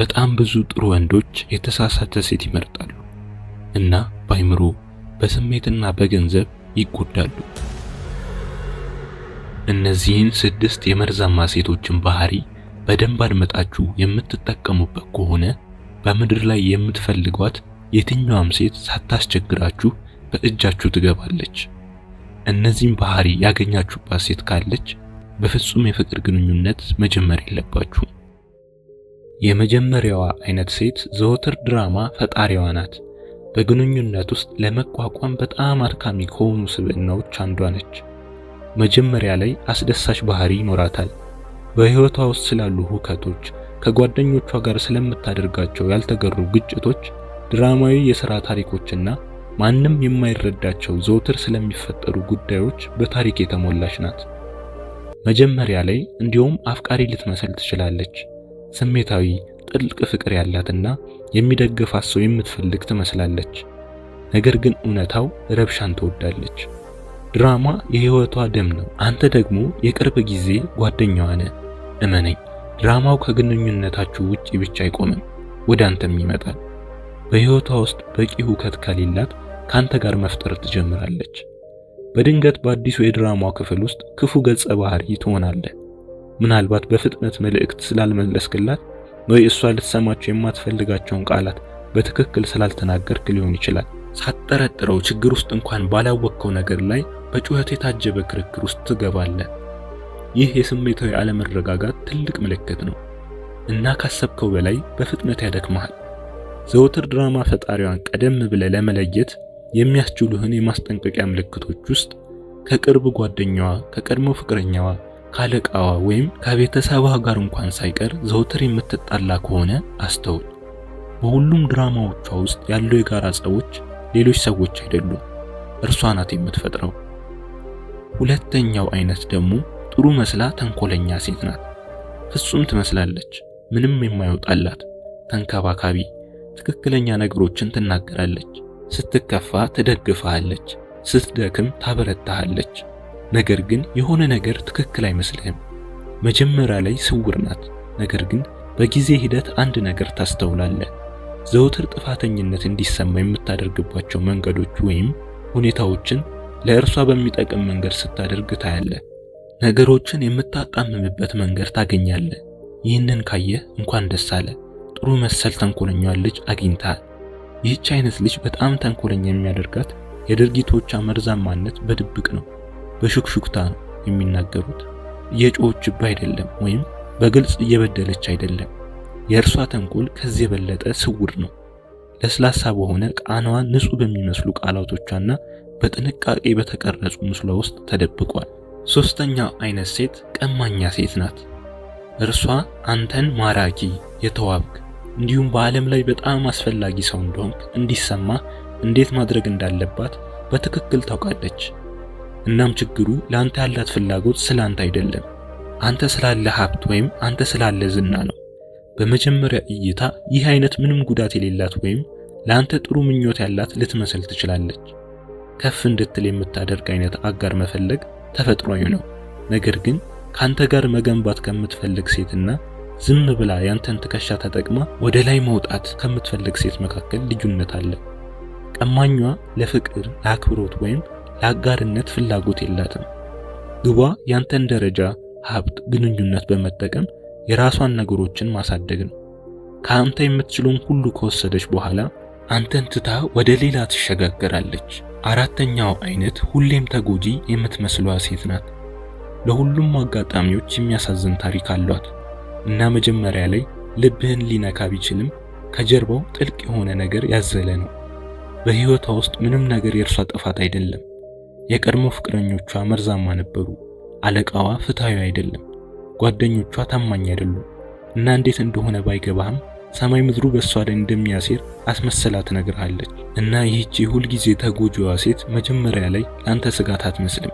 በጣም ብዙ ጥሩ ወንዶች የተሳሳተ ሴት ይመርጣሉ እና በአይምሮ በስሜትና በገንዘብ ይጎዳሉ። እነዚህን ስድስት የመርዛማ ሴቶችን ባህሪ በደንብ አድመጣችሁ የምትጠቀሙበት ከሆነ በምድር ላይ የምትፈልጓት የትኛዋም ሴት ሳታስቸግራችሁ በእጃችሁ ትገባለች። እነዚህን ባህሪ ያገኛችሁባት ሴት ካለች በፍጹም የፍቅር ግንኙነት መጀመር የለባችሁም። የመጀመሪያዋ አይነት ሴት ዘወትር ድራማ ፈጣሪዋ ናት። በግንኙነት ውስጥ ለመቋቋም በጣም አድካሚ ከሆኑ ስብዕናዎች አንዷ ነች። መጀመሪያ ላይ አስደሳች ባህሪ ይኖራታል። በሕይወቷ ውስጥ ስላሉ ሁከቶች፣ ከጓደኞቿ ጋር ስለምታደርጋቸው ያልተገሩ ግጭቶች፣ ድራማዊ የሥራ ታሪኮችና ማንም የማይረዳቸው ዘወትር ስለሚፈጠሩ ጉዳዮች በታሪክ የተሞላች ናት። መጀመሪያ ላይ እንዲሁም አፍቃሪ ልትመስል ትችላለች። ስሜታዊ፣ ጥልቅ ፍቅር ያላትና የሚደግፋት ሰው የምትፈልግ ትመስላለች። ነገር ግን እውነታው ረብሻን ትወዳለች። ድራማ የህይወቷ ደም ነው። አንተ ደግሞ የቅርብ ጊዜ ጓደኛዋ ነህ። እመነኝ፣ ድራማው ከግንኙነታችሁ ውጪ ብቻ አይቆምም፣ ወደ አንተም ይመጣል። በህይወቷ ውስጥ በቂ ሁከት ከሌላት ካንተ ጋር መፍጠር ትጀምራለች። በድንገት በአዲሱ የድራማው ክፍል ውስጥ ክፉ ገጸ ባህሪ ትሆናለህ። ምናልባት በፍጥነት መልእክት ስላልመለስክላት ወይ እሷ ልትሰማቸው የማትፈልጋቸውን ቃላት በትክክል ስላልተናገርክ ሊሆን ይችላል። ሳትጠረጥረው ችግር ውስጥ እንኳን ባላወቅከው ነገር ላይ በጩኸት የታጀበ ክርክር ውስጥ ትገባለህ። ይህ የስሜታዊ አለመረጋጋት ትልቅ ምልክት ነው እና ካሰብከው በላይ በፍጥነት ያደክመሃል። ዘወትር ድራማ ፈጣሪዋን ቀደም ብለህ ለመለየት የሚያስችሉህን የማስጠንቀቂያ ምልክቶች ውስጥ ከቅርብ ጓደኛዋ፣ ከቀድሞ ፍቅረኛዋ ካለቃዋ ወይም ከቤተሰቧ ጋር እንኳን ሳይቀር ዘውትር የምትጣላ ከሆነ አስተውል። በሁሉም ድራማዎቿ ውስጥ ያለው የጋራ ጸቦች ሌሎች ሰዎች አይደሉም፣ እርሷ ናት የምትፈጥረው። ሁለተኛው አይነት ደግሞ ጥሩ መስላ ተንኮለኛ ሴት ናት። ፍጹም ትመስላለች፣ ምንም የማይወጣላት ተንከባካቢ፣ ትክክለኛ ነገሮችን ትናገራለች፣ ስትከፋ ትደግፈሃለች፣ ስትደክም ታበረታሃለች። ነገር ግን የሆነ ነገር ትክክል አይመስልህም። መጀመሪያ ላይ ስውር ናት፣ ነገር ግን በጊዜ ሂደት አንድ ነገር ታስተውላለህ። ዘውትር ጥፋተኝነት እንዲሰማ የምታደርግባቸው መንገዶች ወይም ሁኔታዎችን ለእርሷ በሚጠቅም መንገድ ስታደርግ ታያለህ። ነገሮችን የምታጣምምበት መንገድ ታገኛለህ። ይህንን ካየህ እንኳን ደስ አለ፣ ጥሩ መሰል ተንኮለኛ ልጅ አግኝተሃል። ይህች አይነት ልጅ በጣም ተንኮለኛ የሚያደርጋት የድርጊቶቿ መርዛማነት በድብቅ ነው። በሹክሹክታ ነው የሚናገሩት። እየጮኸችብህ አይደለም ወይም በግልጽ እየበደለች አይደለም። የእርሷ ተንኮል ከዚህ የበለጠ ስውር ነው። ለስላሳ በሆነ ቃናዋ ንጹህ በሚመስሉ ቃላቶቿና በጥንቃቄ በተቀረጹ ምስሏ ውስጥ ተደብቋል። ሶስተኛው አይነት ሴት ቀማኛ ሴት ናት። እርሷ አንተን ማራኪ፣ የተዋብክ እንዲሁም በዓለም ላይ በጣም አስፈላጊ ሰው እንደሆንክ እንዲሰማ እንዴት ማድረግ እንዳለባት በትክክል ታውቃለች። እናም ችግሩ ለአንተ ያላት ፍላጎት ስለ አንተ አይደለም፣ አንተ ስላለ ሀብት ወይም አንተ ስላለ ዝና ነው። በመጀመሪያ እይታ ይህ አይነት ምንም ጉዳት የሌላት ወይም ለአንተ ጥሩ ምኞት ያላት ልትመስል ትችላለች። ከፍ እንድትል የምታደርግ አይነት አጋር መፈለግ ተፈጥሯዊ ነው። ነገር ግን ካንተ ጋር መገንባት ከምትፈልግ ሴትና ዝም ብላ ያንተን ትከሻ ተጠቅማ ወደ ላይ መውጣት ከምትፈልግ ሴት መካከል ልዩነት አለ። ቀማኟ ለፍቅር ለአክብሮት ወይም ለአጋርነት ፍላጎት የላትም። ግቧ ያንተን ደረጃ፣ ሀብት፣ ግንኙነት በመጠቀም የራሷን ነገሮችን ማሳደግ ነው። ከአንተ የምትችለውን ሁሉ ከወሰደች በኋላ አንተን ትታ ወደ ሌላ ትሸጋገራለች። አራተኛው አይነት ሁሌም ተጎጂ የምትመስሏ ሴት ናት። ለሁሉም አጋጣሚዎች የሚያሳዝን ታሪክ አሏት እና መጀመሪያ ላይ ልብህን ሊነካ ቢችልም ከጀርባው ጥልቅ የሆነ ነገር ያዘለ ነው። በህይወቷ ውስጥ ምንም ነገር የእርሷ ጥፋት አይደለም። የቀድሞ ፍቅረኞቿ መርዛማ ነበሩ። አለቃዋ ፍትሃዊ አይደለም፣ ጓደኞቿ ታማኝ አይደሉም እና እንዴት እንደሆነ ባይገባህም ሰማይ ምድሩ በእሷ ላይ እንደሚያሴር አስመሰላ ትነግርሃለች። እና ይህች ሁልጊዜ ተጎጂዋ ሴት መጀመሪያ ላይ ለአንተ ስጋት አትመስልም፣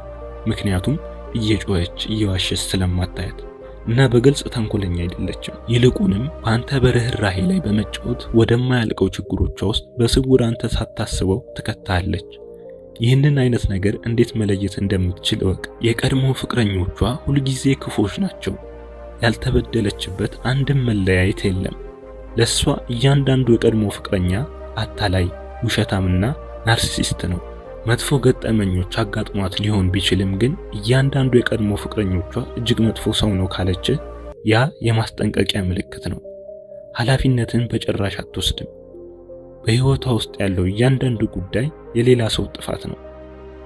ምክንያቱም እየጮኸች እየዋሸች ስለማታያት እና በግልጽ ተንኮለኛ አይደለችም። ይልቁንም በአንተ በርህራሄ ላይ በመጫወት ወደማያልቀው ችግሮቿ ውስጥ በስውር አንተ ሳታስበው ትከታለች። ይህንን አይነት ነገር እንዴት መለየት እንደምትችል እወቅ። የቀድሞ ፍቅረኞቿ ሁልጊዜ ክፎች ናቸው። ያልተበደለችበት አንድም መለያየት የለም። ለሷ እያንዳንዱ የቀድሞ ፍቅረኛ አታላይ፣ ውሸታምና ናርሲሲስት ነው። መጥፎ ገጠመኞች አጋጥሟት ሊሆን ቢችልም ግን እያንዳንዱ የቀድሞ ፍቅረኞቿ እጅግ መጥፎ ሰው ነው ካለች ያ የማስጠንቀቂያ ምልክት ነው። ኃላፊነትን በጭራሽ አትወስድም። በህይወቷ ውስጥ ያለው እያንዳንዱ ጉዳይ የሌላ ሰው ጥፋት ነው።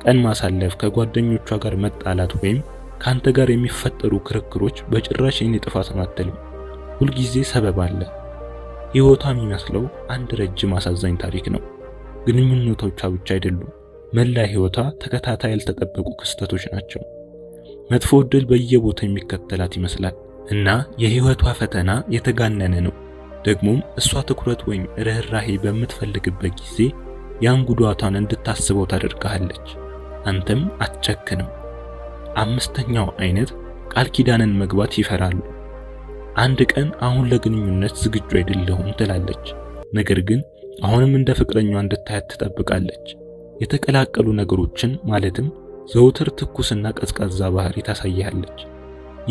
ቀን ማሳለፍ፣ ከጓደኞቿ ጋር መጣላት ወይም ከአንተ ጋር የሚፈጠሩ ክርክሮች በጭራሽ የኔ ጥፋት ነው አትልም። ሁልጊዜ ሰበብ አለ። ህይወቷ የሚመስለው አንድ ረጅም አሳዛኝ ታሪክ ነው። ግንኙነቶቿ ብቻ አይደሉም፣ መላ ህይወቷ ተከታታይ ያልተጠበቁ ክስተቶች ናቸው። መጥፎ ዕድል በየቦታው የሚከተላት ይመስላል እና የህይወቷ ፈተና የተጋነነ ነው። ደግሞም እሷ ትኩረት ወይም ርህራሄ በምትፈልግበት ጊዜ ያን ጉዳቷን እንድታስበው ታደርግሃለች። አንተም አትጨክንም። አምስተኛው አይነት ቃል ኪዳንን መግባት ይፈራሉ። አንድ ቀን አሁን ለግንኙነት ዝግጁ አይደለሁም ትላለች። ነገር ግን አሁንም እንደ ፍቅረኛዋ እንድታያት ትጠብቃለች። የተቀላቀሉ ነገሮችን ማለትም ዘውትር ትኩስና ቀዝቃዛ ባህሪ ታሳያለች።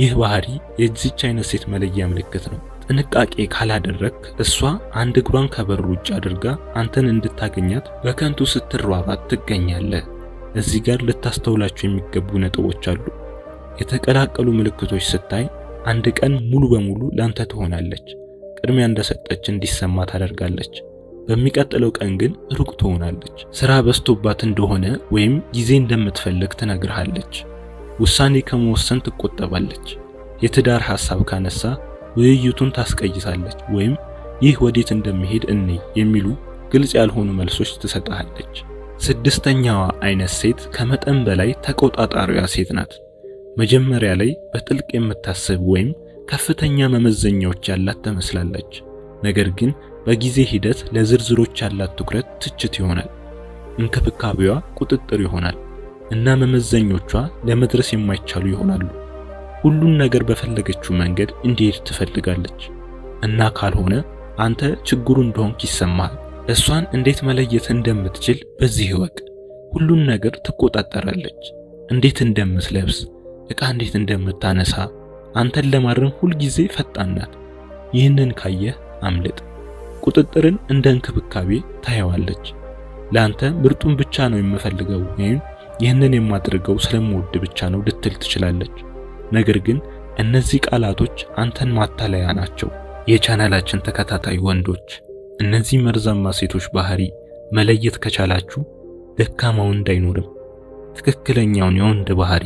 ይህ ባህሪ የዚች አይነት ሴት መለያ ምልክት ነው። ጥንቃቄ ካላደረክ እሷ አንድ እግሯን ከበር ውጭ አድርጋ አንተን እንድታገኛት በከንቱ ስትሯሯጥ ትገኛለህ። እዚህ ጋር ልታስተውላቸው የሚገቡ ነጥቦች አሉ። የተቀላቀሉ ምልክቶች ስታይ አንድ ቀን ሙሉ በሙሉ ላንተ ትሆናለች። ቅድሚያ እንደሰጠች እንዲሰማ ታደርጋለች። በሚቀጥለው ቀን ግን ሩቅ ትሆናለች። ስራ በዝቶባት እንደሆነ ወይም ጊዜ እንደምትፈልግ ትነግርሃለች። ውሳኔ ከመወሰን ትቆጠባለች። የትዳር ሐሳብ ካነሳ ውይይቱን ታስቀይሳለች ወይም ይህ ወዴት እንደሚሄድ እንይ የሚሉ ግልጽ ያልሆኑ መልሶች ትሰጥሃለች። ስድስተኛዋ አይነት ሴት ከመጠን በላይ ተቆጣጣሪዋ ሴት ናት። መጀመሪያ ላይ በጥልቅ የምታስብ ወይም ከፍተኛ መመዘኛዎች ያላት ትመስላለች። ነገር ግን በጊዜ ሂደት ለዝርዝሮች ያላት ትኩረት ትችት ይሆናል። እንክብካቤዋ ቁጥጥር ይሆናል እና መመዘኞቿ ለመድረስ የማይቻሉ ይሆናሉ። ሁሉን ነገር በፈለገችው መንገድ እንዲሄድ ትፈልጋለች እና ካልሆነ አንተ ችግሩ እንደሆንክ ይሰማል። እሷን እንዴት መለየት እንደምትችል በዚህ እወቅ። ሁሉን ነገር ትቆጣጠራለች። እንዴት እንደምትለብስ፣ ዕቃ እንዴት እንደምታነሳ፣ አንተን ለማረም ሁልጊዜ ፈጣን ናት። ይህንን ካየህ አምልጥ። ቁጥጥርን እንደ እንክብካቤ ታየዋለች። ለአንተ ምርጡን ብቻ ነው የምፈልገው ወይም ይህንን የማድርገው ስለምወድ ብቻ ነው ልትል ትችላለች። ነገር ግን እነዚህ ቃላቶች አንተን ማታለያ ናቸው። የቻናላችን ተከታታይ ወንዶች እነዚህ መርዛማ ሴቶች ባህሪ መለየት ከቻላችሁ ደካማው እንዳይኖርም ትክክለኛውን የወንድ ባህሪ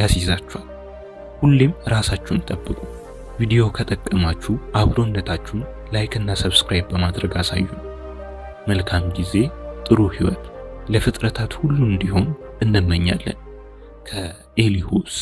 ያስይዛችኋል። ሁሌም ራሳችሁን ጠብቁ። ቪዲዮ ከጠቀማችሁ አብሮነታችሁን ላይክ እና ሰብስክራይብ በማድረግ አሳዩ። መልካም ጊዜ፣ ጥሩ ህይወት ለፍጥረታት ሁሉ እንዲሆን እንመኛለን። ከኤሊሁስ